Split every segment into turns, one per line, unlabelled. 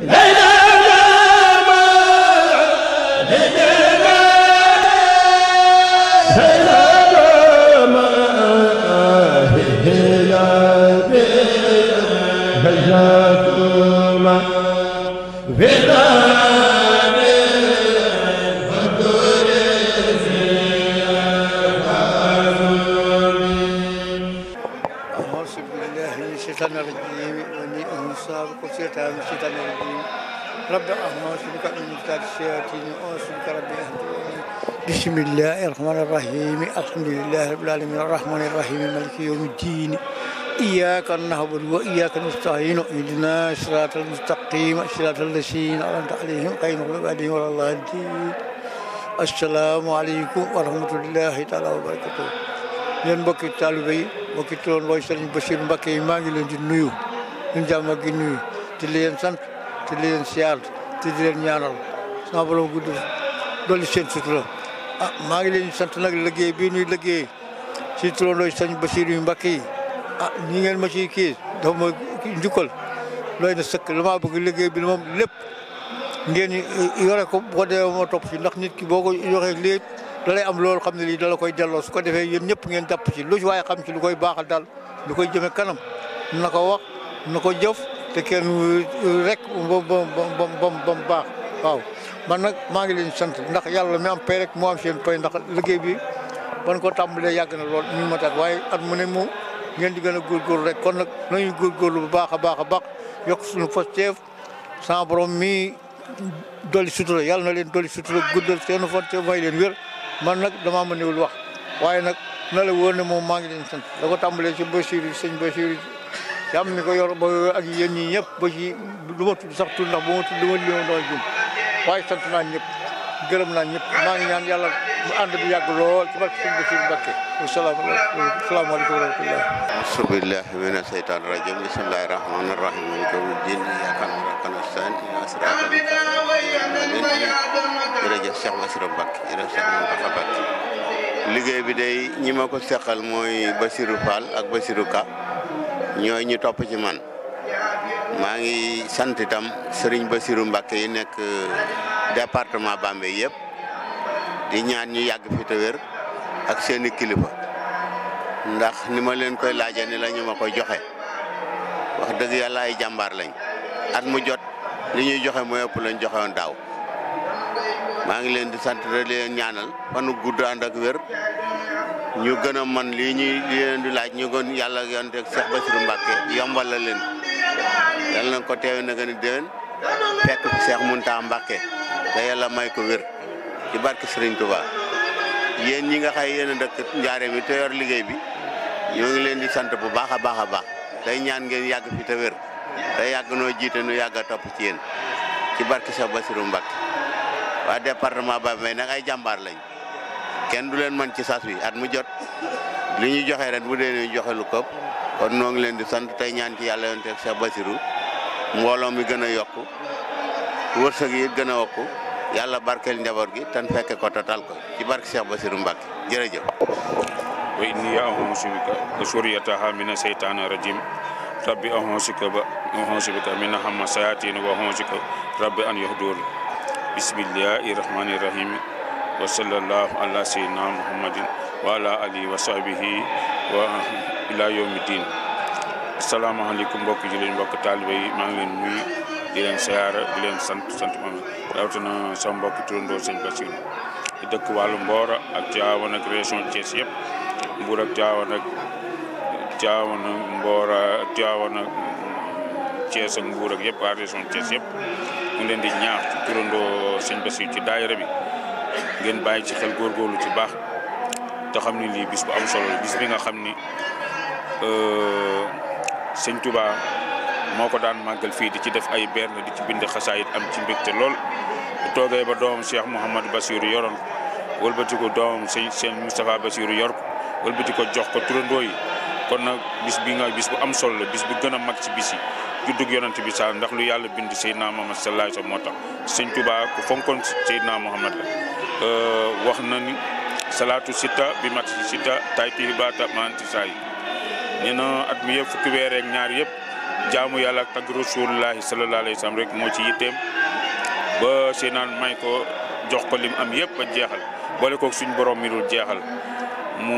lay
رب أعمى وسبك من مفتاح الشياطين وأوصبك ربي أهدوني بسم الله الرحمن الرحيم الحمد لله رب العالمين الرحمن الرحيم مالك يوم الدين إياك نعبد وإياك نستعين اهدنا الصراط المستقيم صراط الذين أنعمت عليهم غير المغضوب عليهم ولا الضالين السلام عليكم ورحمة الله تعالى وبركاته yéen mbokki taalibe yi mbokki tuloon mooy Serigne Bassirou Mbacké yi maa ngi leen di nuyu ñun jàmm gi nuyu di leen sant te di leen siyaar te di leen ñaanal sama borom gudd seen sutura ah maa ngi leen sant nag liggéey bii nuy liggéey si turandoo sëñ Basiir yu Mbàkke yi ah ñi ngeen ma ci kii dafa ma njukkal looy na sëkk la maa bëgg liggéey bi moom lépp ngeen eh, yore ko bu ko defee moo topp si ndax nit ki boo ko yoree lii da lay am loolu xam ne lii da la koy delloo su ko defee yéen ñëpp ngeen jàpp ci lu ci xam ci lu koy baaxal daal lu koy jëme kanam na ko wax na ko jëf te kenn rek ba ba ba baax waaw man nag maa ngi leen sant ndax yàlla mi am pay rek moo am seen pay ndax liggéey bi ban ko tàmbalee yàgg na lool ñu ma taat waaye at mu ne mu ngeen di gën a góorgóorlu rek kon nag nañu góorgóorlu bu baax a baax a baax yokk suñu posteef sans borom mi dolli sutura yàlla na leen dolli sutura guddal seen fan te may leen wér man nag damaa mënewul wax waaye nag na la wóor ne moom maa ngi leen sant da ko tàmbalee si Bachir sëñ Bachir yàlla ni ko yor ba ak yéen ñi ñëpp ba ci du ma tudd sax tudd ndax bu ma tudd dama lima doon jum waaye sant naa ñëpp gërëm naa ñëpp maa ngi ñaan yàlla mu ànd bi yàgg lool ci barke sëñ Basiru Mbàkke asalaamaaleykum wa rahmatullah
asubillahi mina seytaan rajim bismillahi rahmaani rahim doomu jin yaakaar rakan san ila sirata jërëjëf Cheikh Basiru Mbàkke jërëjëf Cheikh Mountakha Mbàkke liggéey bi day ñi ma ko seqal mooy Basiru Fall ak Basiru Ka ñooy ñu topp ci man maa ngi sant itam sëriñ Serigne Bassirou Mbacké yi nekk euh, département Bambey yëpp di ñaan ñu yàgg fi te wér ak seeni kilifa ndax ni ma leen koy laaja ni la ñu ma koy joxe wax dëgg yàlla ay jàmbaar lañ at mu jot li ñuy joxe mooy ëpp lañ joxe woon daaw maa ngi leen di sant di leen ñaanal fanu gudd ànd ak wér ñu gën a man lii ñu leen di laaj ñu gën yàlla ak yonent ak Cheikh Bassirou Mbacké yombal la leen yal ko teewe na gën a déwén fekk fi Cheikh Mountakha te yàlla may ko wér ci barke Serigne Touba yéen ñi nga xay yéen a dëkk njaareem yi te liggéey bi ñoo ngi leen di sant bu baax a baax a baax tey ñaan ngeen yàgg fi te wér te yàgg noo jiite nu yàgg a topp ci yéen ci barke Cheikh Bassirou Mbacké waa département Bambey nag ay jàmbaar lañ kenn du leen man ci sas wi at mu jot li ñuy joxe ren bu dee ñu joxe këpp kon noo ngi leen di sant tey ñaan ci yàlla yonteeg Cheikh Basirou mbooloo mi gën a yokk wërsëg yi gën a wokku yàlla barkeel njaboot gi ten fekke ko tatal ko ci barke Cheikh Basirou Mbacke jërëjëf wa inni a'uudzubika wa
suriyataha mina seytaani rajim rabbi a'uudzubika ba a'uudzubika mina hamasayatin wa a'uudzubika rabbi an yahdurun bismillahi rahmani wa sallallahu ala sayyidina muhammadin wa ala alihi wa sahbihi wa ila yawmi diin asalaamaaleykum mbokk ji leen mbokk taalibe maa ngi leen nuyu di leen siyaara di leen sant sant moom rawatina mbokk turandoo sëñ Basiru dëkk wàllu Mboro ak Tivaouane ak région Thiès yëpp Mbour ak Tivaouane ak Tivaouane Mboro ak Tivaouane ak ak Mbour ak yëpp waa région Thiès yëpp mu leen di ñaax ci turandoo sëñ Basiru ci daayira bi ngeen bàyyi ci xel góorgóorlu ci baax te xam ni lii bis bu am solo bis bi nga xam ni euh, sëñ Touba moo ko daan màggal fii di ci def ay berne di ci bind xasaayit am ci mbégte lool bu toogee ba doomam Cheikh Mouhamadou Bassirou yoroon wëlbati ko doomam sëñ sëñ Moustapha Bassirou yor ko wëlbati ko jox ko turandoo yi kon nag bis bi nga bis bu am solo la bis bu gën a mag ci bis yi juddug yonent bi sa ndax lu yàlla bind Seydina naa sallallahu alayhi wa moo tax sëñ Touba ku fonkoon Seydina Muhammad la Euh, wax na ni salaatu sita bi mat si sita tay tihi bata manti sayi na at fukki weer ñaar yëpp jaamu yàlla ak tagg rasulullahi sallallahu alayhi wa sallam rek moo ci yitteem ba si may ko jox ko lim am yëpp a jeexal boole koog suñ borom mi jeexal mu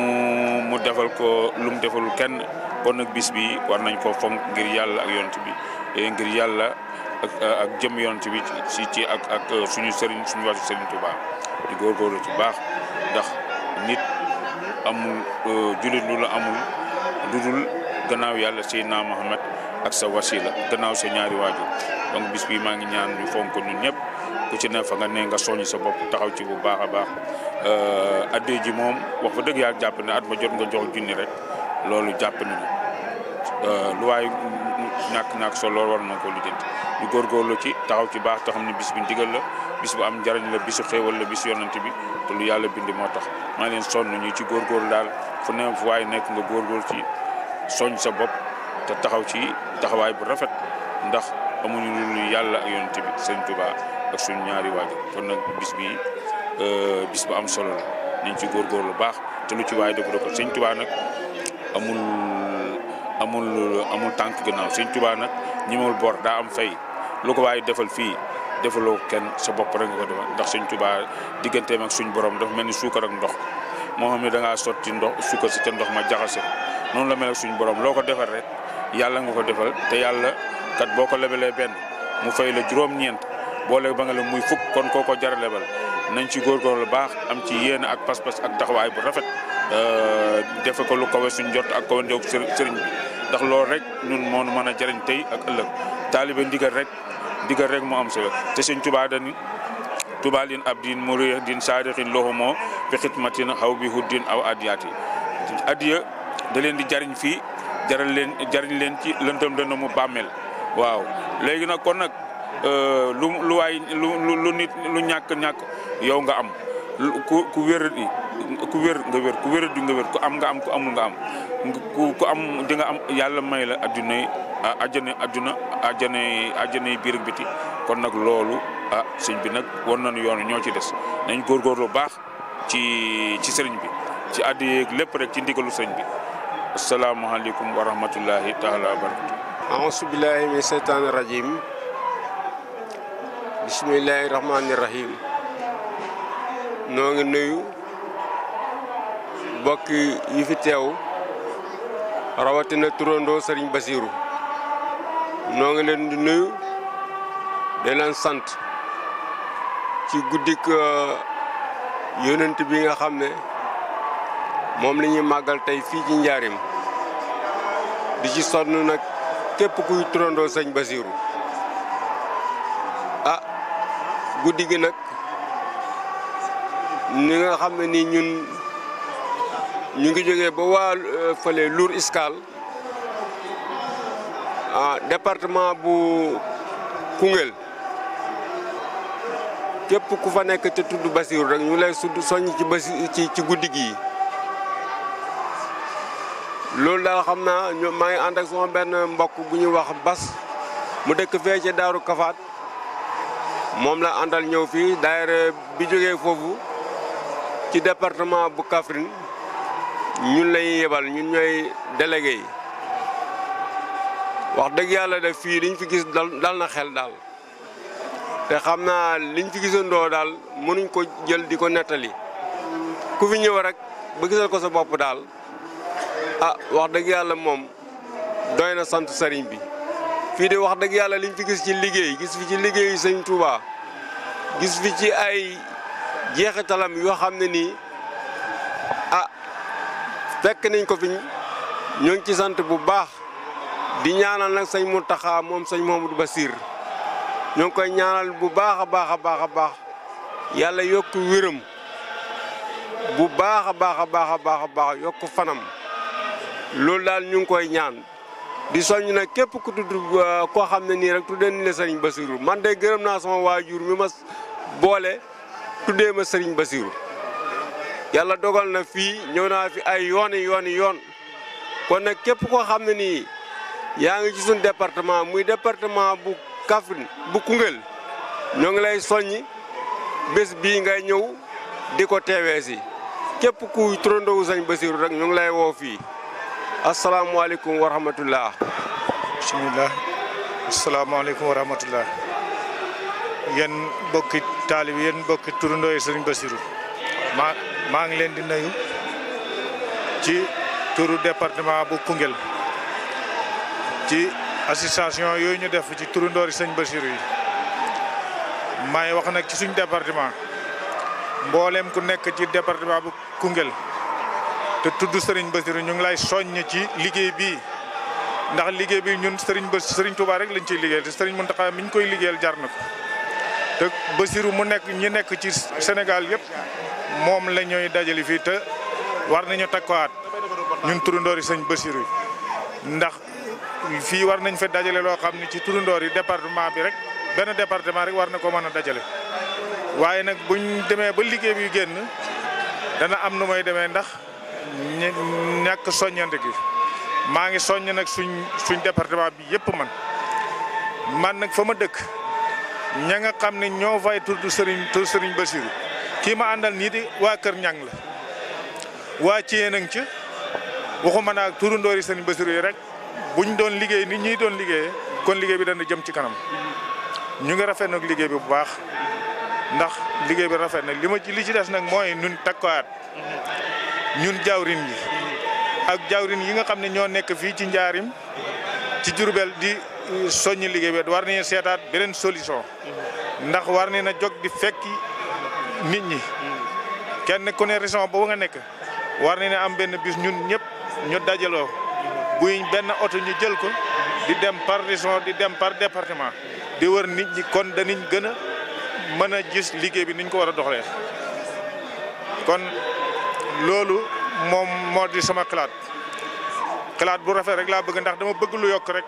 mu defal ko lu mu defalul kenn kon nag bis bi war nañ ko fonk ngir yàlla ak yonent bi eh, ngir yàlla ak ak jëm yonent bi ci ci ak suñu sëriñ suñu wàllu sëriñ Tuubaa di góor góorgóorlu ci baax ndax nit amul euh, jullit lu amul lu dul gannaaw yàlla Seydina Muhammad ak sa wasila gannaaw sa ñaari waajur donc bis bi maa ngi ñaan ñu fonk ko ñun ñëpp ku ci ne fa nga ne nga soññ sa bopp taxaw ci bu baax a baax euh, addee ji moom wax fa dëgg yàlla jàpp ne at ma jot nga jox junni rek loolu jàpp nañu Euh, lu waay ñàkk ñàkk solo loolu war na koo lijjanti góor góorgóorlu ci taxaw ci baax te xam ne bis bi ndigal la bis bu am njariñ la bisu xéewal la bisu yonante bi te lu yàlla bind moo tax maa leen sonn ñu ci góorgóorlu daal fu ne fu waay nekk nga góorgóorlu ci soñ sa bopp te taxaw ci taxawaay bu rafet ndax amuñu lu yàlla ak yonante bi sëñ Tuba ak suñu ñaari waajur kon nag bis bi euh, bis bu am solo la ci góorgóorlu baax te lu ci waay def ko sëñ Tuba nag amul. amul amul tànk ginnaaw sëñ Tuubaa nag ñimul bor daa am fay lu ko waaye defal fii defaloo kenn sa bopp rek nga ko defal ndax sëñ Tuubaa digganteem ak suñ borom dafa mel ni suukar ak ndox moo xam ne da ngaa sotti ndox suukar si te ndox ma jaxase noonu la mel ak suñ borom loo ko defal rek yàlla nga ko defal te yàlla kat boo ko lebalee benn mu fay la juróom-ñeent boole ba nga la muy fukk kon koo ko jar lebal nañ ci la baax am ci yéene ak pas-pas ak taxawaay bu rafet. defe ko lu kawe suñ jot ak kawe ndew sëriñ ndax loolu rek ñun moo mën a jëriñ tey ak ëllëg taalibe ndigal rek ndigal rek moo am solo te sëñ Tuubaa dani Tuubaa lin ab diin muriya din saadixin loxumoo bi xidmatin xaw bi huddin aw adiati adiya da leen di jariñ fii jaral leen jariñ leen ci lëndëm dënd mu bàmmeel waaw léegi nag kon nag euh, lu lu waay lu nit lu ñàkk ñàkk yow nga am ku ku wér ni ku wér nga wér ku wéradi nga wér ku am nga am ku amul nga am ku am di am yàlla may la addunay ajjane adduna ajjanay ajjanay biir ak biti kon nag loolu sëñ bi nag war na nañu yoonu ñoo ci des nañ lu baax ci ci sëriñ bi ci addi yeeg lépp rek ci ndigalu sëñ bi asalaamaaleykum wa rahmatullahi taala wa barakatu aousu
billahi min seytaani rajim bismillahi rahmaani rahim noo nuyu mbokk yi fi teew rawatina turandoo Serigne Basirou noo ngi leen di nuyu di leen sant ci guddik euh, yonent bi nga xam ne moom la ñuy màggal tey fii ci njaarim di ci sonn nag képp kuy turandoo sëñ Basiru ah guddi gi nag ni nga xam ni ñun ñu ngi jógee ba waa euh, fële Lour Escale ah département bu Koungheul képp ku fa nekk te tudd Basiru rek ñu lay sudd ci basi ci ci guddi gi loolu daal xam naa ñu maa ngi ànd ak sama benn mbokk bu ñuy wax Bas mu dëkk fee ci Daaru Kafaat moom la àndal ñëw fii daayira bi jógee foofu ci département bu kafrin ñun lañuy yebal ñun ñooy délégué yi wax dëgg yàlla de fii liñ fi gis dal na xel daal te xam naa liñ fi gisandoo daal mënuñ ko jël di ko nettali ku fi ñëw rek ba gisal ko sa bopp daal a ah, wax dëgg yàlla moom doy na sant sëriñ bi fii de wax dëgg yàlla liñ fi gis ci liggéey gis fi ci liggéey sëñ Touba gis fi ci ay jeexitalam yoo xam ne nii fekk nañ ko fiñ ñoo ngi ci sant bu baax di ñaanal nag sañ mu Mountakha moom sëñ Mouhamadou Bassir ñoo ngi koy ñaanal bu baax a baax a baax a baax yàlla yokk wéram bu baax a baax a baax a baax a yokk fanam loolu daal ñu ngi koy ñaan di soññ nag képp ku tudd euh, koo xam ne nii rek tuddee ni la sëriñ Bassirou man de gërëm naa sama waajur mi ma boole tuddee ma sëriñ Bassirou yàlla dogal na fii ñëw naa fi ay yooni yooni yoon kon nag képp koo xam ne nii yaa ngi ci suñu département muy département bu Kaffrine bu Koungheul ñoo ngi lay soññi bés bii ngay ñëw di ko teewee képp ku turandowu sañ Basiru rek ñoo ngi lay woo fii asalaamualeykum
wa rahmatullah bismillah asalaamaaleykum wa rahmatullah yéen mbokki taalib yéen mbokki turandoo yi sëriñ Basiru ma maa ngi leen di nuyu ci turu département bu Koungheul ci association yooyu ñu def ci turu ndoori sëñ Bachir yi may wax nag ci suñ département mbooleem ku nekk ci département bu Koungheul te tudd Serigne Bachir ñu ngi lay soññ ci liggéey bii ndax liggéey bi ñun Serigne Bachir Serigne Touba rek lañ ciy liggéeyal te Serigne Mountakha mi ñu koy liggéeyal jar na ko. te Bassirou mu nekk ñi nekk ci Sénégal yëpp moom la ñooy dajale fii te war nañu takkuwaat ñun turundoor yi sëñ Bassirou ndax fii war nañ fa dajale loo xam ne ci turundoor yi département bi rek benn département rek war na ko mën a dajale waaye nag buñ demee ba liggéey bi génn dana am nu may demee ndax ñàkk soññante gi maa ngi soññ nag suñ suñ département bi yëpp man man nag fa ma dëkk. ña nga xam ne ñoo fay tudd Serigne sëriñ Serigne Bassirou kii ma àndal nii di waa Kër Ñang la waa Thiénang ci waxuma naa turandoori Serigne Bassirou yi rek buñ doon liggéey nit ñi doon liggéeyee kon liggéey bi dana jëm ci kanam ñu ngi rafet nag liggéey bi bu baax ndax liggéey bi rafet nag li ma ci li ci des nag mooy ñun takkuwaat ñun jawrin yi ak jawrin yi nga xam ne ñoo nekk fii ci njaarim ci Jurbel di. soññ liggéey bi war nañu seetaat beneen solution ndax war nañ na jog di fekki nit ñi kenn ku ne région boobu nga nekk war nañ am benn bis ñun ñëpp ñu dajaloo buy benn oto ñu jël ko di dem par région di dem par département di wër nit ñi kon danañ gën a mën a gis liggéey bi niñ ko war a doxalee kon loolu moom moo di sama xalaat xalaat bu rafet rek laa bëgg ndax dama bëgg lu yokk rek.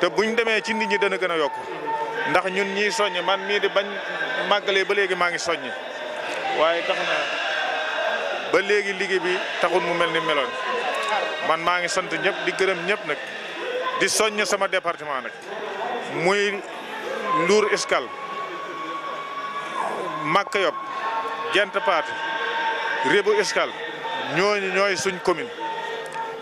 te buñ demee ci nit ñi dana gën a yokk ndax ñun ñiy soññ man mii di bañ màggale ba léegi maa ngi soññ waaye tax ba léegi liggéey bi taxul mu mel ni meloon man maa ngi sant ñëpp di gërëm ñëpp nag di soññ sama département nag muy Lour Escale Maka Yop Gent Paat Rébu Escale ñooñu ñooy suñ commune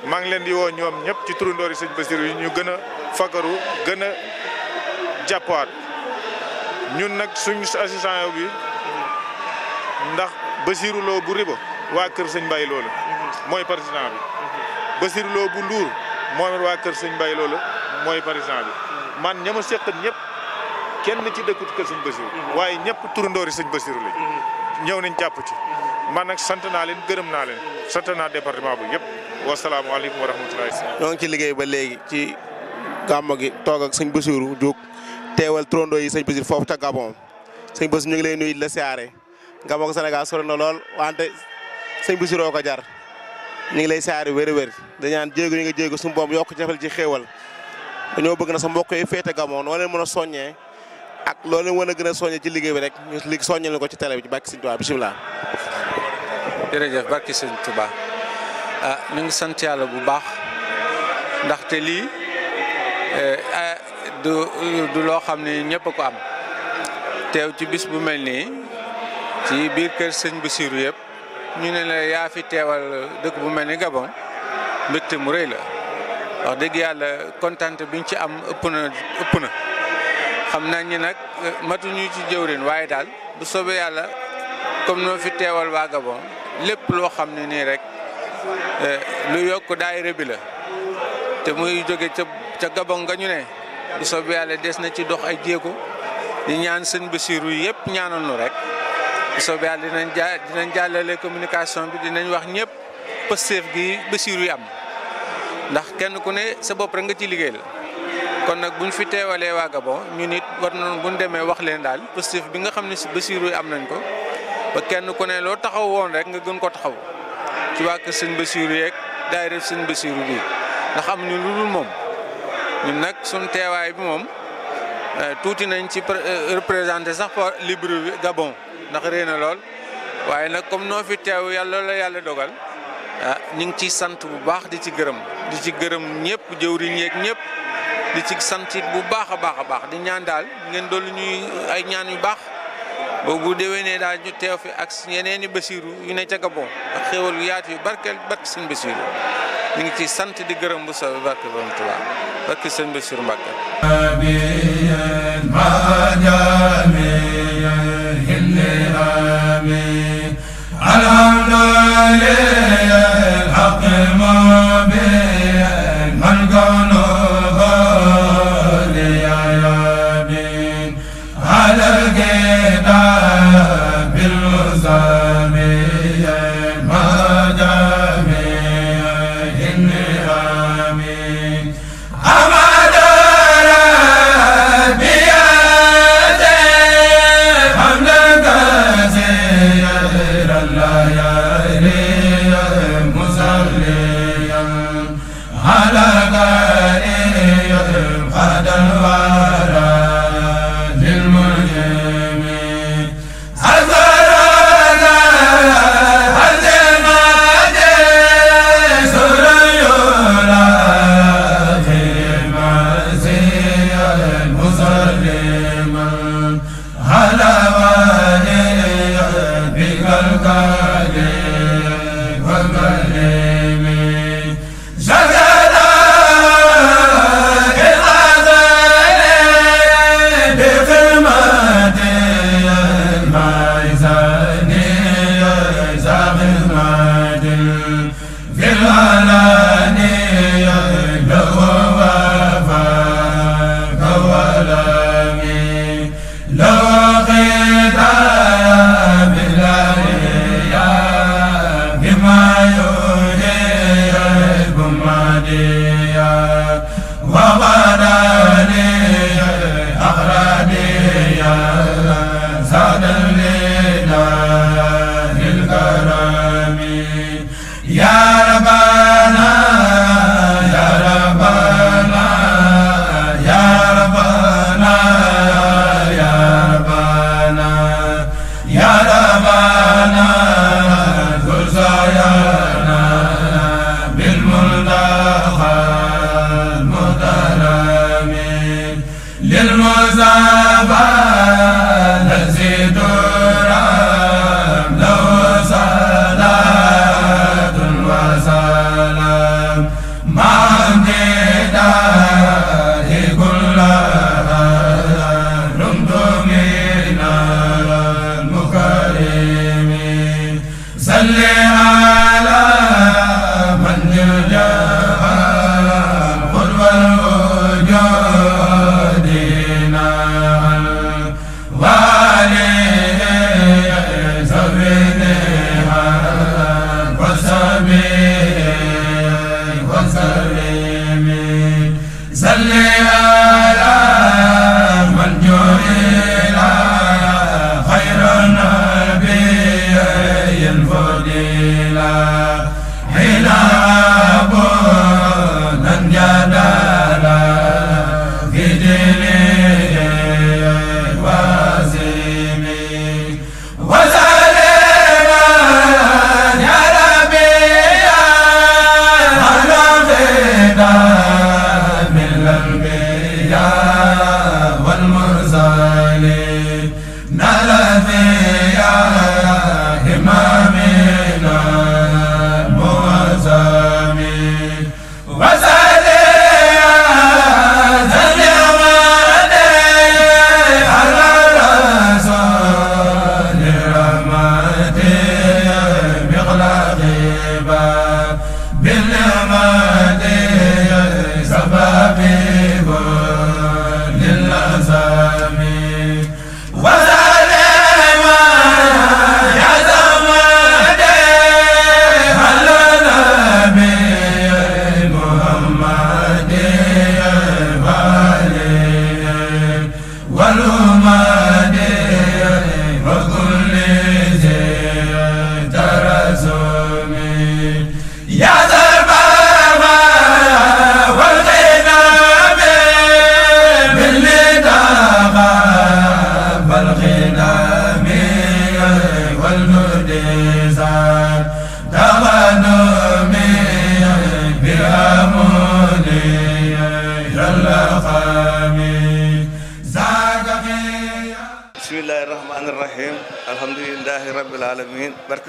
maa ngi leen di woo ñoom ñëpp ci turandoo sañ sëñ Basiru ñu gën a fagaru gën a jàppaat ñun nag suñu assistant bi ndax Basiru Lo bu Riba waa kër sëñ Baye Lo mooy président bi Basiru Lo bu Nduur moom waa kër sëñ Baye Lo la mooy président bi man ñama seqat ñëpp kenn ci dëkkut kër sëñ Basiru waaye ñëpp turandoori sëñ Basiru lañ ñëw nañ jàpp ci man nag sant naa leen gërëm naa leen sant naa département bi yëpp wasalaamualeykum wa rahmatullahi ñoo ngi
ci liggéey ba léegi ci gàmmo gi toog ak sëñ Bassirou Diouk teewal trondo yi sëñ Bassirou foofu ca Gabon sëñ Bassirou ñu ngi lay nuyu la siyaare gàmmo ko Sénégal sori na lool wante sëñ Bassiroo ko jar ñu ngi lay siyaare wér wér dañaan jéego yi nga jéego suñu boom yokk jafel ci xéewal dañoo bëgg na sa mbokk yi féete Gabon noo leen mën a soññee ak loolu leen mën a a soññee ci liggéey bi rek ñu soññal ko ci télé bi ci bàkki sëñ
jërëjëf barki sëñ Tuba ah ñu ngi sant yàlla bu baax ndaxte lii eh, ah, du loo xam ni ñépp ko am teew ci bis bu mel nii ci biir kër sëñ Bassirou yëpp ñu ne la yaa fi teewal dëkk bu mel ni Gabon mbégte mu rëy la wax dëgg yàlla kontaan biñ ci am ëpp na ëpp na xam nañ ni nag eh, matuñu ci jëwrin waaye daal bu soobee yàlla comme noo fi teewal waa Gabon lépp loo xam ne nii rek eh, lu yokk daayira bi la te muy jóge ca ca Gabon nga ñu ne bu soobee yàlla des na ci dox ay jéego di ñaan sëñ Bassirou yëpp ñaanal nu rek bu soobee yàlla dinañ ja dinañ jàllale communication bi dinañ wax ñëpp pësteef gi Bassirou yi am ndax kenn ku ne sa bopp rek nga ci liggéey la kon nag buñ fi teewalee waa Gabon ñu nit war nañu buñ demee wax leen daal pësteef bi nga xam ne si Bassirou am nañ ko. ba kenn ku ne loo taxaw woon rek nga gën ko taxaw ci waa kër sëñ Bassirou yeeg daayira sëñ Bassirou bi ndax am ñu lu dul moom ñun nag suñ teewaay bi moom eh, tuuti nañ ci eh, représenté sax pour Libreville Gabon ndax rëy na lool waaye nag comme noo fi teew yàlla la yàlla dogal ah ñu ngi ciy sant bu baax di ci gërëm di ci gërëm ñëpp jëwriñ yéeg ñëpp di ci sant bu baax a baax a baax di ñaan daal ngeen doolu ñuy ay ñaan yu baax. boo bu déwénee daal ñu teew fi ak yeneen i basiiru yu ne ca Gabon ak xéewal yu yaatu yu barkeel barke sëñ basiiru ñu ngi ciy sant di gërëm bu soobee barke borom Tuubaa barke sëñ basiiru Mbàkke
alhamdulillah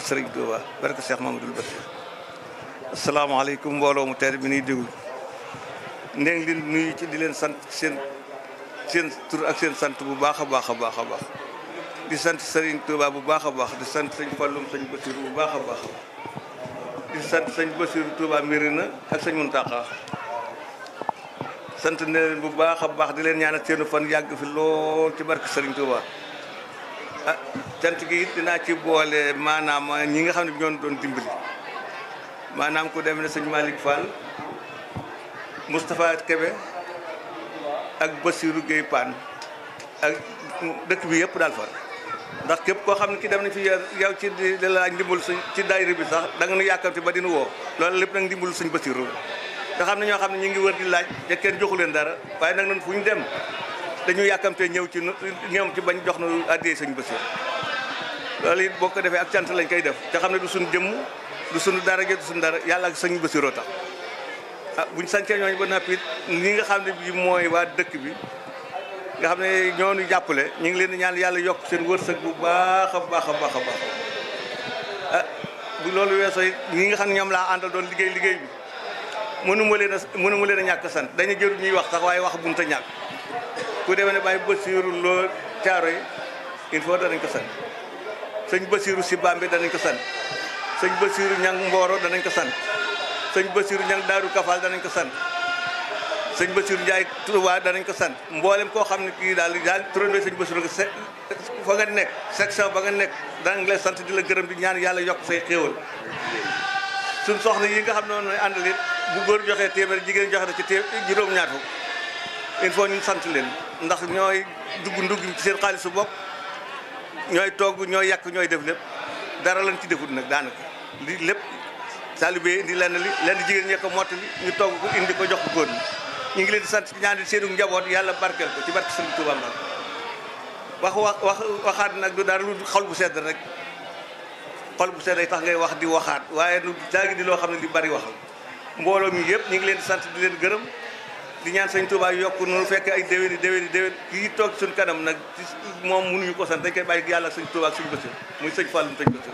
sëriñ Touba barke Cheikh Mamadou Bassir asalaamaaleykum mbooloo mu teer bi nuy déglu ne ngi nuyu ci di leen sant seen seen tur ak seen sant bu baax a baax a baax a baax di sant sëriñ Touba bu baax a baax di sant sëñ Falloum sëñ Bassir bu baax a baax di sant sëñ Bassir Touba Mérina ak sëñ Mountakha sant ne leen bu baax a baax di leen ñaana seenu fan yàgg fi lool ci barke sëriñ Touba Ah, cant gi it dinaa ci boole maanaam ñi nga xam ne bi ñoo doon dimbali maanaam ku demee ne sëñ Malick Fall Moustapha Kébé ak Bassirou Gueye paan ak dëkk bi yëpp daal fa ndax képp koo xam ne ki dem na fi yaw ci di laaj ndimbal suñ ci daayira bi sax da nga nu yàkkamti ba dina woo loolu lépp nag ndimbalu suñ Bassirou nga xam ne ñoo xam ne ñu ngi wër di laaj te kenn joxu leen dara waaye nag noonu fu ñu dem dañu yàkkamte ñëw ci ñoom ci bañ jox na addee sëñ Basiir loolu it boo ko defee ak cant lañ koy def te xam ne du suñu jëmm du suñu dara du suñ dara yàlla ak sëñ Basiiroo tax ah buñ sàncee ñooñu ba nappi ñi nga xam ne bi mooy waa dëkk bi nga xam ne ñoonu jàppale ñu ngi leen di ñaan yàlla yokk seen wërsëg bu baax a baax a baax a baax ah bu loolu weesoo it ñi nga xam ne ñoom laa àndal doon liggéey liggéey bi mënuma leen a mënuma leen ñàkk sant dañu jëru ñuy wax sax waaye wax bunta ñàkk ku demee ne bàyyi Basiiru Lo Caaro yi il faut danañ ko sant sëñ Basiiru si Bambe danañ ko sant sëñ Basiiru ñang Mbooro danañ ko sant sëñ Basiiru ñang Daaru Kafaal danañ ko sant sëñ Basiiru Njaay Tuubaa danañ ko sant mboolem koo xam ne kii daal daal turandoo sëñ Basiiru ko fa nga nekk section ba nga nekk danañ lay sant di la gërëm di ñaan yàlla yokk say xéewal suñ soxna yi nga xam ne noonu mooy àndal bu góor joxee téeméer jigéen joxe na ci téeméer juróom-ñaar fukk il sant leen ndax ñooy dugg ndugg ci seen xaalisu bopp ñooy togg ñoo yàq ñooy def lépp dara lañ ci defut nag daanaka li lépp taalibe indi lenn li lenn jigéen ñee ko li ñu togg ko indi ko jox ko góor ñu ngi leen di sant ñaan seenu njaboot yàlla barkeel ko ci barke Sëriñ Tuuba Mbàkke wax wax wax waxaat nag du dara lu xol bu sedd rek xol bu sedd day tax ngay wax di waxaat waaye nu jaagi di loo xam ne li bari waxal mbooloo mi yëpp ñu ngi leen sant di leen gërëm di ñaan sëñ Touba yokk noonu fekk ay déwéni déwéni déwén kii toog suñ kanam nag moom mu mënuñu ko san dañ koy bàyyi yàlla sëñ Touba ak sëñ Bassir muy sëñ Fallum sëñ Bassir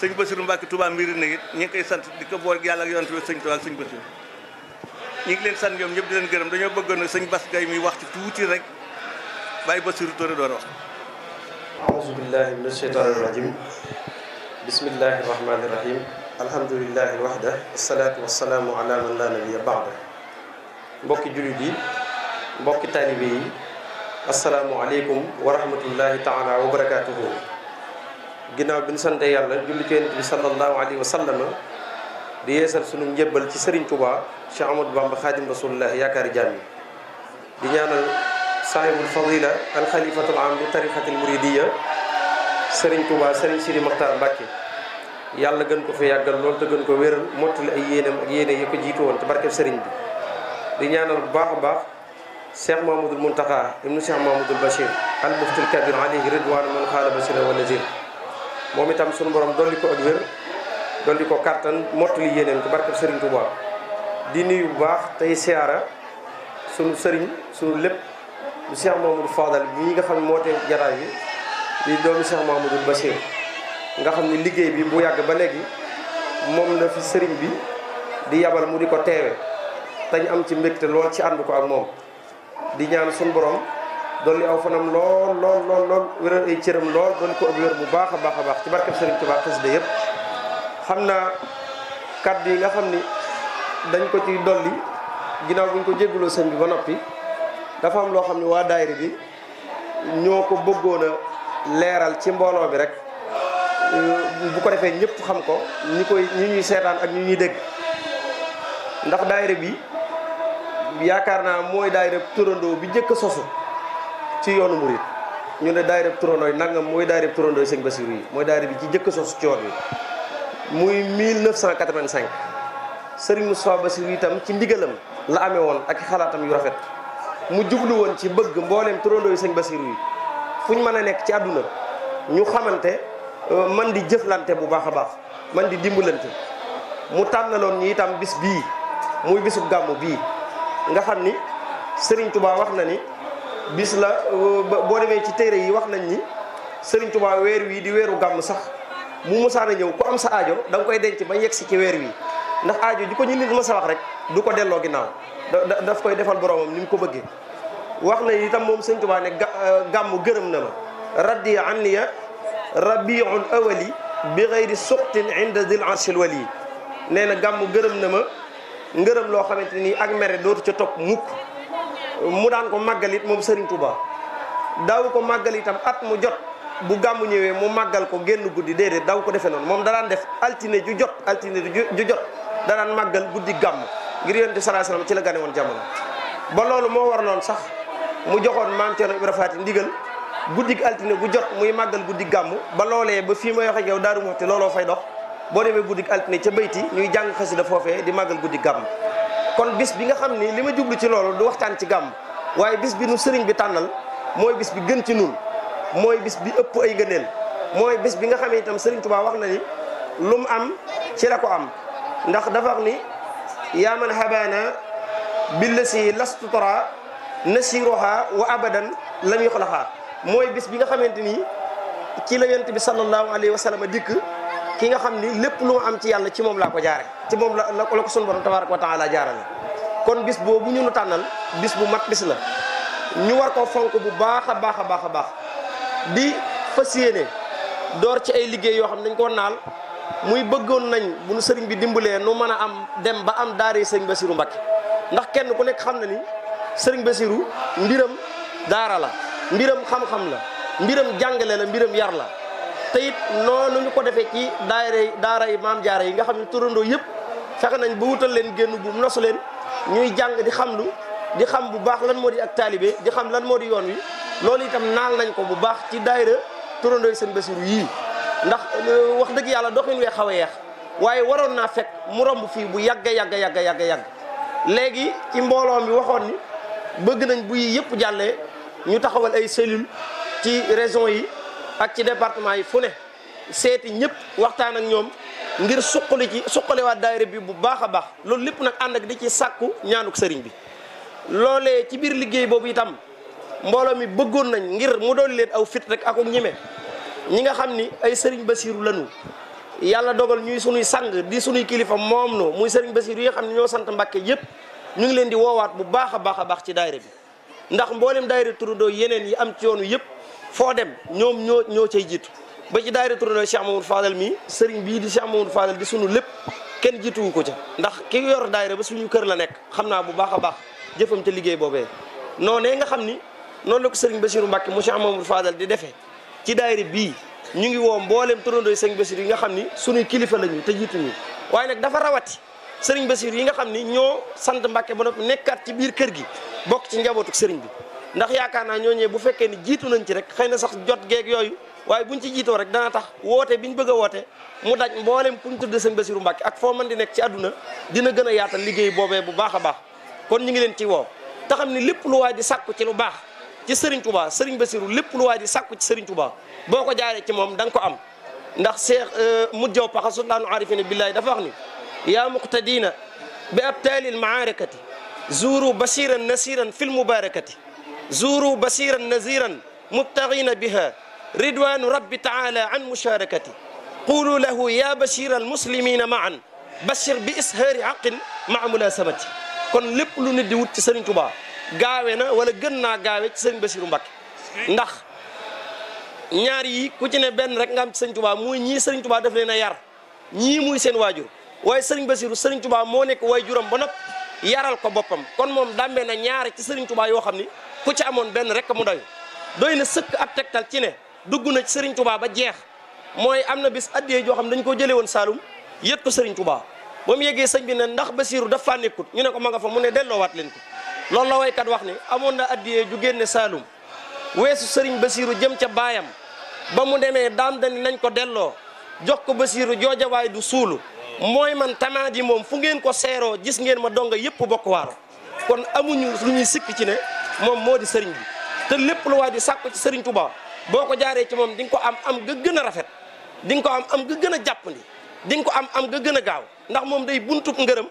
sëñ Bassir Mbacke Touba mbiri na it ñu ngi sant di ko boole yàlla ak yonent bi sëñ Touba ak sëñ ñu ngi leen sant yoom ñëpp di leen gërëm dañoo bëggoon nag sëñ Bass Gaye muy wax ci tuuti rek bàyyi Bassirou Touré door wax
aouzu billahi min asheytaani rajim bismillahi rahmani rahim alhamdulilahi wahda wasalaatu wasalaamu ala man la nabiya mbokki jullit yi mbokki taalibe yi asalaamualeykum wa taala wa barakaatuhu ginnaaw bi ñu sante yàlla julli ci yonent bi sallallahu alayhi wa di yeesal sunu njëbbal ci Serigne Touba Cheikh Amadou Bamba Khadim Rasulullah yaakaari jaam yi di ñaanal saahibul fadila al xalifatul am bi tarixatil muridiya Serigne Touba Serigne Sidi Makhtar Mbacke yàlla gën ko fa yàggal loolu te gën ko wéral mottali ay yéenam ak yéene yi ko jiitu woon te barkeb Serigne bi di ñaanal bu baax a baax Cheikh Mahmoudou Mountakha nu Cheikh Mahmoudou Bachir al muftil kabir alayhi ridwan man xaala bachir wa nazir moom itam suñu dool dolli ko ak wér di ko kàttan mottali yéeneen ko barkab Serigne Touba di nuyu bu baax tey siyaara sunu sëriñ sunu lépp bu Cheikh Mahmoudou Fadal bi nga xam ne moo tee jataay bi di doomu Cheikh Mahmoudou Bachir nga xam ne liggéey bi bu yàgg ba léegi moom la fi sëriñ bi di yabal mu di ko teewe tañ am ci mbégte lool ci ànd ko ak moom di ñaan suñu borom dolli aw fanam lool lool lool lool lool dolli ko ak bu baax baax baax ci barkeb Sëriñ Tuubaa xasida yëpp xam naa kàddu yi nga xam ni dañ ko ci dolli ginnaaw buñ ko jégguloo sëñ bi ba noppi dafa am loo xam ne waa daayira bi ñoo ko bëggoon a leeral ci mbooloo bi rek bu ko defee ñëpp xam ko ñi koy ñi ñuy seetaan ak ñu ñuy dégg ndax daayira bi yaakaar naa mooy daayira turandoo bi njëkk a sosu ci yoonu murit ñu ne daayira turandoo yi nangam mooy daayira turandoo yi sëñ Bassirou yi mooy daayira bi ci njëkk a sosu ci yoon wi muy 1985 Serigne Moustapha Bassirou itam ci ndigalam la amee woon ak xalaatam yu rafet mu jublu woon ci bëgg mbooleem turandoo sëñ Bassirou yi fu ñu mën a nekk ci àdduna ñu xamante euh, man di jëflante bu baax a baax man di dimbalante mu loon ñi itam bis bii muy bisu gàmmu bii nga xam ni Serigne wax na ni bis la boo demee ci téere yi wax nañ ni Serigne weer wii di weeru gàmm sax mu musaana ñëw ku am sa aajo da nga koy denc ba yegg si ci weer wi ndax ajo ji ko ñu nit ma sa wax rek du ko delloo ginnaaw daf koy defal boromam ni mu ko bëggee. wax na yi tam moom Serigne Touba ne euh, gàmm gërëm na ma raddi anniya rabiul awali bi xëyri suqtin inda dil arshil wali nee na gàmm gërëm na ma. ngërëm loo xamante nii ak mere dootu ca topp mukk mu daan ko màggal it moom Serigne Touba daaw ko màggal itam at mu jot bu gàmmu ñëwee mu màggal ko génn guddi déedéet daw ko defee noonu moom da daan def altine ju jot altine ju jot da daan màggal guddi gàmm ngir yonent sallallahu alayhi wasallam ci la gane woon jamono. ba loolu moo war waraloon sax mu joxoon maam Thierno Ibrahima Faty ndigal guddi altine bu jot muy màggal guddi gàmmu ba loolee ba fii ma wax ak yow Daaru Muxti looloo fay dox. boo demee guddi altine ca bayti ñuy jàng xasida foofee di màggal guddi gàmm kon bis bi nga xam ni li ma jublu ci loolu du waxtaan ci gàmm waaye bis bi nu sëriñ bi tànnal mooy bis bi gën ci nun mooy bis bi ëpp ay ngëneel mooy bis bi nga xam ne itam sëriñ Tuubaa wax na ni am ci la ko am ndax dafa wax ni yaa man habaana billasi lastu tara nasiruha wa abadan lam yuxlaxa mooy bis bi nga xamante ni ci la yonent bi sallallahu alayhi wa sallam dikk ki nga xam ni lépp lu ma am ci yàlla ci moom laa ko jaare ci moom la la ko sunu borom tabaaraka wa taala jaarale kon bis boobu ñu nu tànnal bis bu mat bis la ñu war koo fonk bu baax a baax a baax a baax di fas yéene door ci ay liggéey yoo xam ne dañ koo naal muy bëggoon nañ bu nu sëriñ bi dimbalee nu mën a am dem ba am daara sëriñ Basiru Mbakke ndax kenn ku nekk xam na ni sëriñ Basiru mbiram daara la mbiram xam-xam la mbiram jàngale la mbiram yar la te it noonu ñu ko defee ci daayira daara yi maam jaara yi nga xam ne turandoo yëpp fexe nañ ba wutal leen génn bu nosu leen ñuy jàng di xam lu di xam bu baax lan moo di ak taalibe di xam lan moo di yoon wi loolu itam naal nañ ko bu baax ci daayira turandoo yi seen basiru yii ndax euh, wax dëgg yàlla doxin wee xaw a yeex waaye waroon naa fekk mu romb fii bu yàgga yàgga yàgga yàgga yàgg léegi ci mbooloo bi waxoon ni bëgg nañ bu yii yëpp jàllee ñu taxawal ay cellule ci région yi ak ci département yi fu ne seeti ñëpp waxtaan ak ñoom ngir suqali ci suqaliwaat daayira bi bu baax a baax loolu lépp nag ànd ak di ci sàkku ñaanuk sëriñ bi loolee ci biir liggéey boobu itam mbooloo mi bëggoon nañ ngir mu doon leen aw fit rek ak ñime ñi nga xam ni ay sëriñ basiiru lanu yàlla dogal ñuy sunuy sang di sunuy kilifa moom loo muy sëriñ basiiru yi nga xam ne ñoo sant mbàkke yëpp ñu ngi leen di woowaat bu baax a baax a baax ci daayira bi ndax mboolem daayira turandoo yeneen yi am ci yoonu yëpp foo dem ñoom ñoo ñoo cay jiitu ba ci daayira turandoo si Mamadou Fadal mii sëriñ bii di si Mamadou Fadal di sunu lépp kenn jiituwu ko ca ndax ki yor daayira ba suñu kër la nekk xam naa bu baax a baax jëfam ca liggéey boobee noonee nga xam ni noonu la ko sëriñ Bassirou Mbacke mu Cheikh Mamadou di defee ci daayira bii ñu ngi woo mbooleem turandoo sëriñ Bassirou yi nga xam ni suñuy kilifa lañu te jiitu ñu waaye nag dafa rawati sëriñ Bassirou yi nga xam ni ñoo sant Mbacke ba noppi nekkaat ci biir kër gi bokk ci njabootu sëriñ bi ndax yaakaar naa ñooñee bu fekkee ni jiitu nañ ci rek xëy na sax jot geeg yooyu waaye buñ ci jiitoo rek dana tax woote biñ bëgg a woote mu daj mboolem kuñ tudde sëñ Basiru Mbàkke ak foo mën di nekk ci àdduna dina gën a yaatal liggéey boobee bu baax a baax kon ñu ngi leen ci woo te xam ni lépp lu waay di sàkku ci lu baax ci sëriñ Touba sëriñ Basiru lépp lu waay di sàkku ci sëriñ Touba boo ko jaaree ci moom danga ko am ndax Seex euh, mujjow paxa sultaanu arifina billahi dafa wax ni yaa muqtadina bi abtaali almaarakati zuuru basiran nasiran fi lmubarakati zuru basiran naziran mubtaghina biha ridwanu rabbi taala an musharakati qulu lahu ya bashira almuslimina maan bashir bi ishaari haqin maa munasabati kon lépp lu nit di wut ci Serigne Touba gaawe na wala gën naa gaawe ci Serigne Bassirou ndax ñaar yi ku benn rek nga am ci Serigne Touba muy ñii Serigne Touba def leen na yar ñii muy seen waajur waaye Serigne Bassirou Serigne Touba moo nekk waajuram ba noppi yaral ko boppam kon moom dàmbee na ñaar ci yoo xam ni ku ci amoon benn rek mu doy doy na sëkk ab tegtal ci ne dugg na ci Serigne ba jeex mooy am na bis addiyee joo xam dañ koo jëlee woon Saalum yët ko Serigne Touba ba mu sëñ bi ndax Basiiru dafa nekkut ñu ne ko ma nga fa mu ne delloowaat leen ko loolu la waykat wax ni amoon na addiyee ju génne Saalum weesu Serigne Basiiru jëm ca baayam ba mu demee daam dani nañ ko delloo jox ko Basiiru joojawaay du suulu mooy man tamaa ji moom fu ngeen ko seeroo gis ngeen ma donga yëpp bokk waaro kon amuñu lu ñuy sikk ci ne moom moo di sëriñ bi te lépp lu waa di sàkku ci sëriñ Touba boo ko jaaree ci moom di nga ko am am nga gën a rafet di nga ko am am nga gën a ndi di nga ko am am nga gën a gaaw ndax moom day buntub ngërëm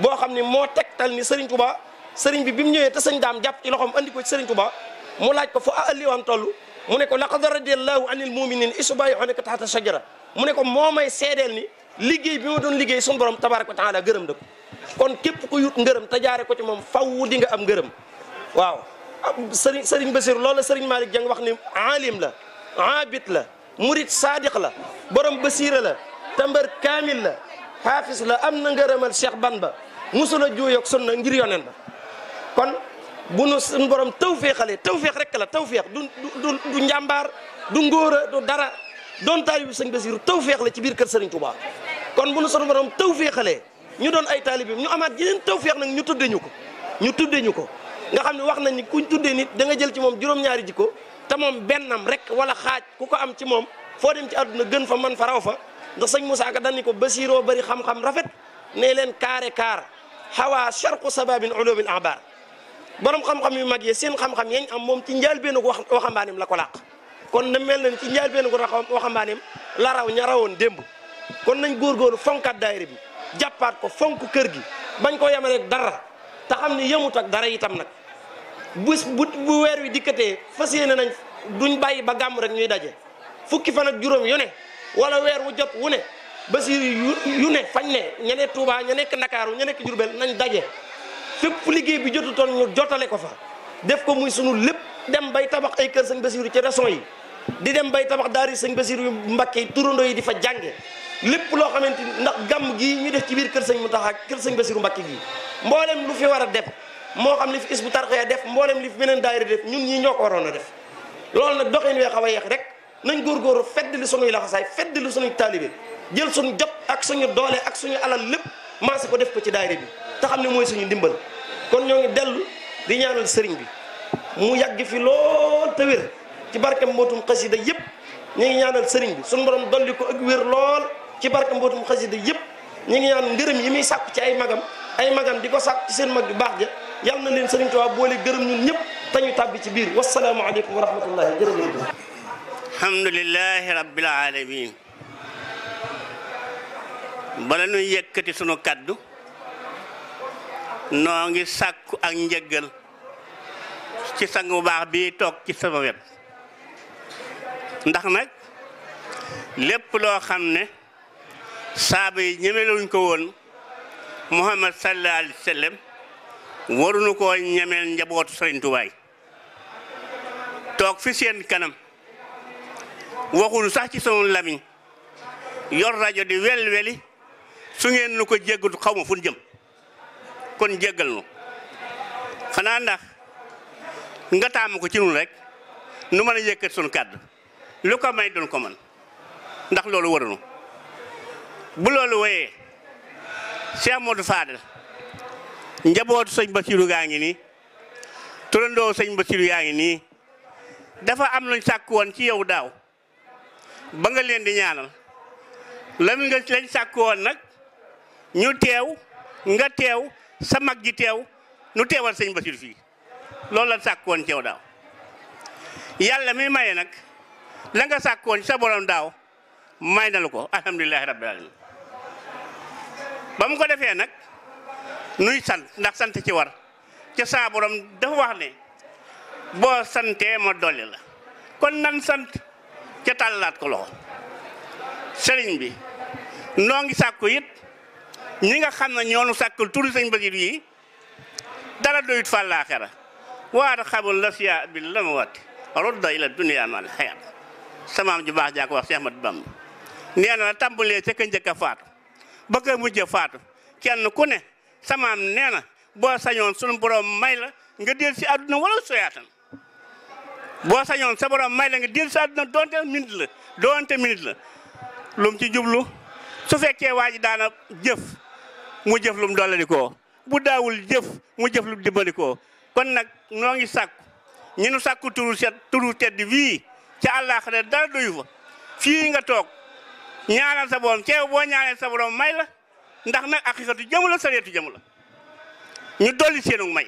boo xam ne moo tegtal ni sëriñ Touba sëriñ bi bi mu ñëwee te sëñ daam jàpp ci loxoom indi ko ci sëriñ Touba mu laaj ko fa a alliwam toll mu ne ko laqad radiyallahu anil muminina isubayiunaka tahta shajara mu ne ko moo may seedeel ni liggéey bi ma doon liggéey suñu borom tabaraka wa taala gërëm na kon képp ku yut ngërëm te jaare ko ci moom faw di nga am ngërëm waaw sëriñ sëriñ Basiir loola sëriñ Malick Jang wax ni aalim la aabit la murit saadiq la borom basiira la tambar kaamil la xaafis la am na ngërëmal Cheikh Bamba musula juuyog sunna ngir yonen la kon bu nu borom tawféexalee tawféex rek la tawféex du du du njàmbaar du ngóora du dara doon taalibu sëriñ Basiir tawféex la ci biir kër sëriñ Touba kon bu nu suñ borom tawféexalee ñu doon ay taalibeem ñu amaat yeneen feex nag ñu tudde ñu ko ñu tudde ñu ko nga xam ne wax nañ ni kuñ tuddee nit da nga jël ci moom juróom-ñaari jikko te moom bennam rek wala xaaj ku ko am ci moom foo dem ci àdduna gën fa man fa raw fa ndax sëñ Moussa Ka dañu ko basiiroo bari xam-xam rafet nee leen carré carr xawaa charqu sababin ulumil ahbar borom xam-xam yu mag yi seen xam-xam yañ am moom ci njaal benn wax waxambaaneem la ko làq kon na mel na ci njaal benn waxambaaneem la raw ña rawoon démb kon nañ góorgóorlu fonkat daayira bi jàppaat ko fonk kër gi bañ ko yemale dara te xam ne yëmut ak dara itam nag bu bu weer wi dikkatee fas yéene nañ duñ bàyyi ba gàmm rek ñuy daje fukki fan nag juróom yu ne wala weer wu jot wu ne basir yu ne fañ ne ña ne Touba ña nekk Ndakaaru ña ki Jurbel nañ daje fépp liggéey bi jotutoon ñu jotale ko fa def ko muy sunu lépp dem bay tabax ay kër sëñ Basiru ci régions yi di dem bay tabax daari sëñ Basiru yu Mbàkke yi yi di fa jànge lépp loo xamante ni ndax gàmm gii ñu def ci biir kër mu tax ak kër sëñ Bassirou Mbacké gii mboolem lu fi war a def moo xam li fi is bu tarxee def mboolem li fi beneen daayira def ñun ñii ñoo ko waroon a def loolu nag doxin wee xaw a yeex rek nañ góorgóorlu fedd li sunuy laxasaay fedd li sunuy taalibe jël suñu jot ak suñu doolee ak suñu alal lépp maase ko def ko ci daayira bi te xam ne mooy suñu ndimbal kon ñoo ngi dellu di ñaanal sëriñ bi mu yàgg fi lool te ci barkem mbootum xasida yëpp ñu ngi ñaanal sëriñ bi suñu borom dolli ko ak wér lool ci barke mbootum xasida yëpp ñu ngi ñaan ngërëm yi muy sàkk ci ay magam ay magam di ko sàkk ci seen mag yu baax ja yàlla na leen Sëriñ Tuubaa boole gërëm ñun ñëpp te ñu tàbbi ci biir wasalaamu aleykum wa rahmatullahi jërëjëf
alhamdulilahi rabbil alamin bala ñuy yëkkati sunu kaddu noo ngi sàkku ak njëgal ci sang baax bi toog ci sama wet ndax nag lépp loo xam ne saaba yi ñemeluñ ko woon muhammad sallallahu alayhi wa sallam waruñu koo ñemeel njabootu sëriñ tubaay toog fi seen kanam waxul sax ci sunu lamiñ yor rajo di wel-weli su ngeen nu ko jéggut xaw ma fu jëm kon jéggal nu xanaa ndax nga taamu ko ci nun rek nu mën a yëkkat sunu kàddu lu ko may duñ ko man ndax loolu warunu bu loolu woyee Cheikh Modou Fadel njabootu sëñ Basiru gaa ngi nii turandoo sëñ Basiru yaa ngi nii dafa am luñ sàkku woon ci yow daaw ba nga leen di ñaanal lan nga lañ sàkku nag ñu teew nga teew sa mag ji teew nu teewal sëñ Basiru fii loolu la sàkku woon daaw yàlla mi maye nag la nga sàkku woon sa borom daaw may na ko alhamdulilahi rabbil alamin ba mu ko defee nag nuy sant ndax sant ci war ci saa borom dafa wax ne boo santee ma dolli la kon nan sant ca tàllalaat ko loxo sëriñ bi noo ngi sàkku yit ñi nga xam ne ñoonu sàkkul turi sëñ Basiru yi dara doyut fa laaxira waata xabul la siya bi la ma watti rodda ila dunya mal xayat samaam ju baax jaa ko wax Seex Ahmadu Bamba nee na la tàmbalee ca njëkk a ba koy mujjee faatu kenn ku ne samaam nee na boo sañoon sunu borom may la nga del si àdduna wala soyaatan boo sañoon sa borom may la nga del si àdduna doonte minute la doonte minute la lum ci jublu su fekkee waa ji daana jëf mu jëf lum dolladi koo bu daawul jëf mu jëf lum dimbali koo kon nag noo ngi sàkku ñu nu sàkku turu set turu tedd wii ca àllaaxira dara doyu fa fii nga toog ñaanal sa borom ceew boo ñaanal sa borom may la ndax nag aqiqatu jëmu la sareetu jëmu la ñu dolli seenu may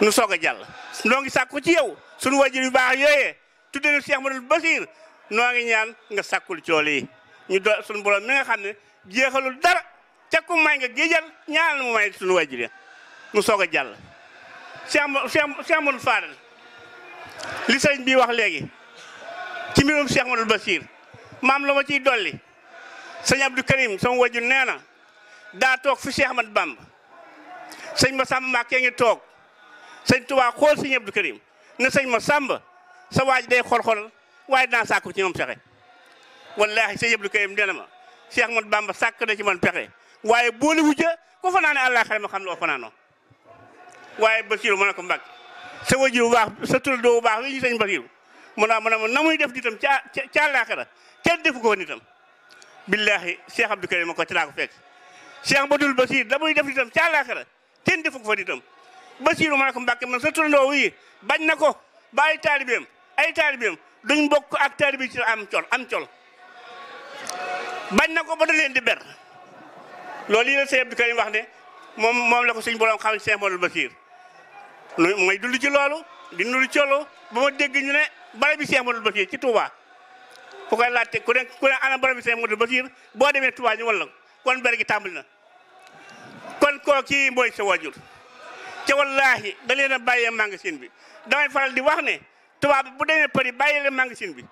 nu soog a jàll noo ngi sàkku ci yow sunu wajur yu baax yooyee tudde nu Cheikh Madul Basir noo ngi ñaan nga sàkkul coole yi ñu do sunu borom mi nga xam ne jeexalul dara ca ku may nga géejal ñaanal mu may sunu wajur ya nu soog a jàll Cheikh Cheikh Madul Fadal li sëriñ bi wax léegi ci mbirum Cheikh Madul Basir maam la ma ciy dolli sëñ Abdou Karim sama waju nee na daa toog fi Cheikh Ahmad Bamba sëñ ma sàmba maa kee ngi toog sëñ Tuubaa xool sëñ Abdou Karim ne sëñ ma sàmb sa waaj day xool-xool waaye daa sàkku ci moom pexe wallaahi sëñ Abdou Karim nee na ma Cheikh sàkk na ci man pexe waaye boole wu ja ku fa naa ne àllaa ma xam ne oo fa naanoo waaye Basiru ma ne ko mbag sa waju bu baax sa tur doo bu baax wi ñu sëñ Basiru mu naa mu a ma na muy def ditam ca ca àllaaxira kenn defu ko woon itam billaahi Cheikh Abdou Karim ma ko ci laa ko fekk Cheikh Badul Basir da muy def itam ca àllaaxira kenn defu ko fa itam Basiru ma ne ko Mbàkke man sa turandoo wi bañ na ko bàyyi taalibeem ay taalibeem duñ bokk ak taalibe ci am col bañ na ko ba da leen di ber loolu yi la Cheikh Abdou Karim wax ne moom moom la ko suñ borom xam Cheikh Badul Basir mooy dund ci loolu di nuru colo ba ma dégg ñu ne bare bi Cheikh Badul Basir ci Touba. ku koy laajte ku ne ku ne ana borom bi sëñ Modou Basiir boo demee Touba ñu walla kon ber gi na kon ko kii mooy sa wajur te wallaahi da leen a bàyyee magasin bi damay faral di wax ne tubaab bu demee Paris bàyyi leen magasin bi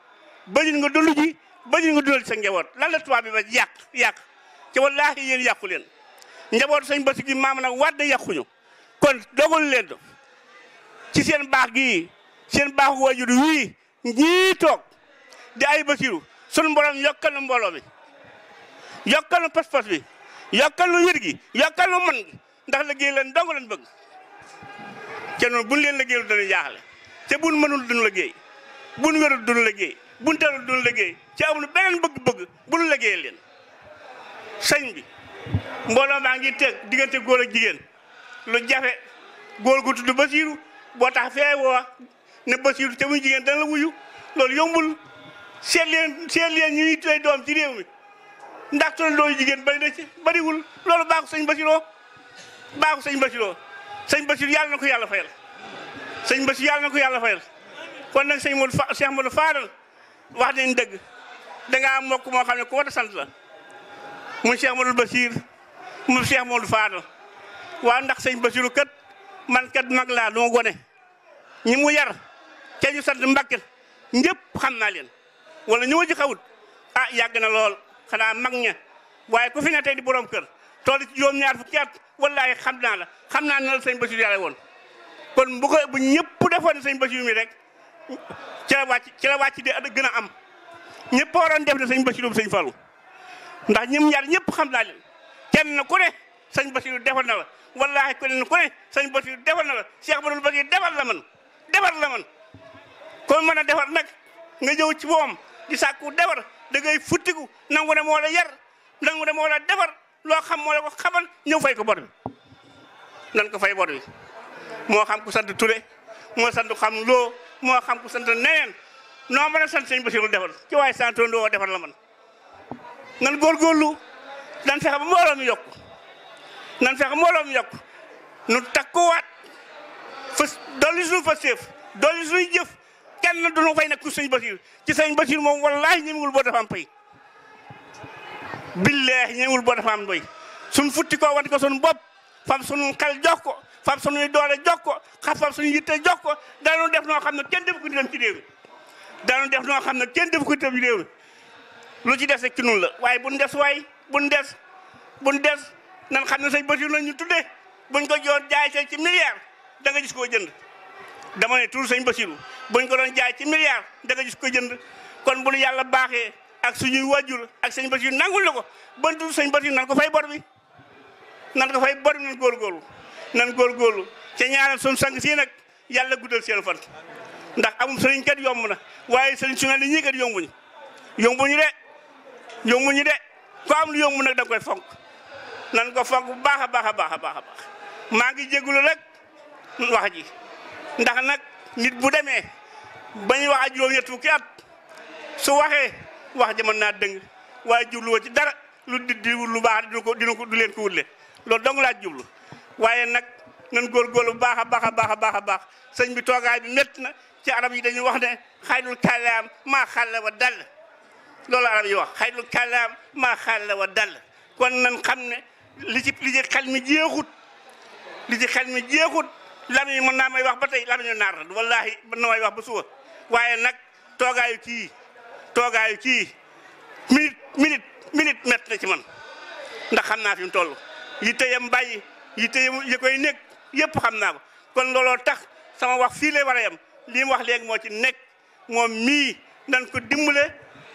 bañul nga dund ji bañul nga dundal sa njaboot lan la tubaab bi ba yàq yàq te wallaahi yéen yàqu leen njaboot sëñ Basi gi maam nag waat da yàquñu kon dogul leen ci seen baax gii seen baaxu wajur wii ñii toog di ay basiru sunu borom yokkal na mbooloo bi yokkal na pas-pas bi yokkal na wér gi yokkal na man ndax liggéey leen dong leen bëgg te noonu buñ leen liggéeyul dana jaaxle te buñ mënul duñ liggéey buñ wérul duñ liggéey buñ talul duñ liggéey ci amul beneen bëgg-bëgg buñ liggéey leen sëñ bi mbooloo maa ngi teg diggante góor ak jigéen lu jafe góor gu tudd Basiiru boo tax fee woo ne Basiiru te muy jigéen dana la wuyu loolu yombul seet leen seet leen doom ci réew mi ndax toon dooyu jigéen bari na ci bariwul loolu baaxu sëñ Bassirou baaxu sëñ Bassirou sëñ Bassirou yàlla na ko yàlla fayal sëñ Bassirou yàlla na ko yàlla fayal kon nag sëñ Modou Fa Cheikh Modou Fadal wax nañ dëgg dangaa mokk moo xam ne ku war a sant la mu Cheikh Modou Bassir mu Cheikh Modou Fadal waaw ndax sëñ Bassirou kat man kat mag laa du gone ñi mu yar ca ñu sant Mbàkke ñëpp xam naa leen wala ñëwa ji xawut ah yàgg na lool xanaa mag ña waaye ku fi ne tey di boroom kër tool ci juróom-ñaar fukki at wallaay xam naa la xam naa ne la sëñ Basiru yàlla woon kon bu ko bu ñëpp defoon sëñ Basiru mi rek ci la wàcc ci la wàcc de gën a am ñëpp waroon def ne sëñ Basiru sëñ Fallu ndax ñim ñaar ñëpp xam naa leen kenn na ku ne sëñ Basiru defal na la wallaay kenn ku ne sëñ Basiru defal na la Cheikh Badul Basiru defal la man defal la man a defar nag nga jëw ci moom di sàkku defar da ngay futtiku nangu ne moo la yar nangu ne moo defar loo xam moo la ko ñëw fay ko bor bi nan ko fay bor bi moo xam ku sant Touré moo sant xam loo moo xam ku sant neneen noo mën a sant sëñ Basiru defar ci waaye santoon doo defar la man nan góorgóorlu nan fexe ba mbooloo mi yokku nan fexe mbooloo mi yokku nu takkuwaat fas fa séef dolli jëf kenn du nu fay nag ku sëñ Basiir ci sëñ Basiir moom wallaahi ñemewul boo dafa am pay billaahi ñemewul boo dafa am suñ futti ko wan ko suñ bopp fam suñu xel jox ko fam suñuy doole jox ko xam suñu yitte jox ko daanu def noo xam ne kenn def ko nitam ci réew mi daanu def noo xam ne kenn def ko nitam ci réew mi lu ci des rek ci la waaye buñ des waay buñ des buñ des nan xam ne sëñ Basiir la ñu tuddee buñ ko joon jaay see ci milliard danga nga gis koo jënd dama ne tur sëñ buñ ko doon jaay ci milliard da nga gis ko jënd kon bu yàlla baaxee ak suñuy wajur ak sëñ bët yu nangul la ko ba du sëñ bët yu nan ko fay bor bi nan ko fay bor bi nan góorgóorlu nan góorgóorlu ca ñaanal suñ sang sii nag yàlla guddal seen fan ndax amum sëriñ kët yomb na waaye sëriñ su mel ni ñii kat yombuñu yombuñu de yombuñu de ko am lu yomb nag da nga koy fonk nan ko fonk bu baax a baax a baax a baax a baax maa ngi jégalu rek wax ji ndax nag. nit bu demee ba ñuy wax ak juróom-ñett fukki at su waxee wax jaman naa dëng waaye jubluwoo ci dara lu di di lu baax dina ko dina ko du leen ko wutle loolu dong laa jublu waaye nag nan góor bu baax a baax a baax a baax a baax sëñ bi toogaay bi métti na ci arab yi dañuy wax ne xaylul kalaam maa xàlle wa dall loolu arab yi wax xaylul kalaam maa xàlle wa dall kon nan xam ne li ci xel mi jeexut li xel mi jeexut lam yi mën naa may wax ba tey lamiñu naar la wallaahi mën na may wax ba suba waaye nag toogaayu ci toogaayu ci minute minute minute mett na ci man ndax xam naa fi mu toll yi teyam bàyyi yi teyam yi koy nekk yëpp xam naa ko kon looloo tax sama wax fii lay war a yem lii mu wax léegi moo ci nekk moom mii nan ko dimbale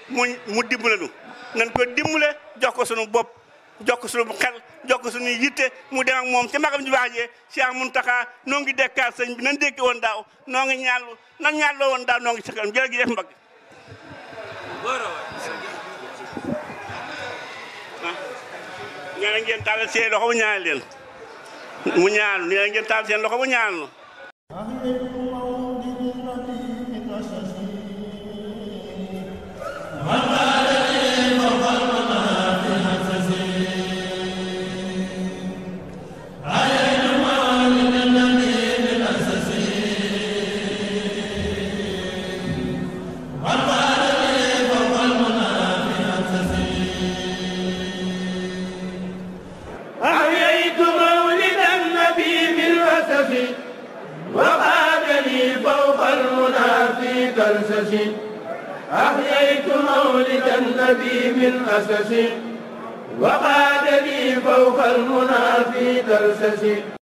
mu mu dimbale nu nan ko dimbale jox ko sunu bopp jokk suñu xel jokk suñu yitte mu dem ak moom ca magam ju baax jee Cheikh Mountakha noo ngi dekkaat sëñ bi nan dékki woon daaw noo ngi ñaalu nan ñaalloo woon daaw noo ngi ci kanam jërëjëf mbagg nee na ngeen tàllal seen loxo mu ñaan leen mu ñaanu nee na ngeen tàllal seen loxo mu ñaanu
النبي من أسس
وقادني فوق المنى في تلسس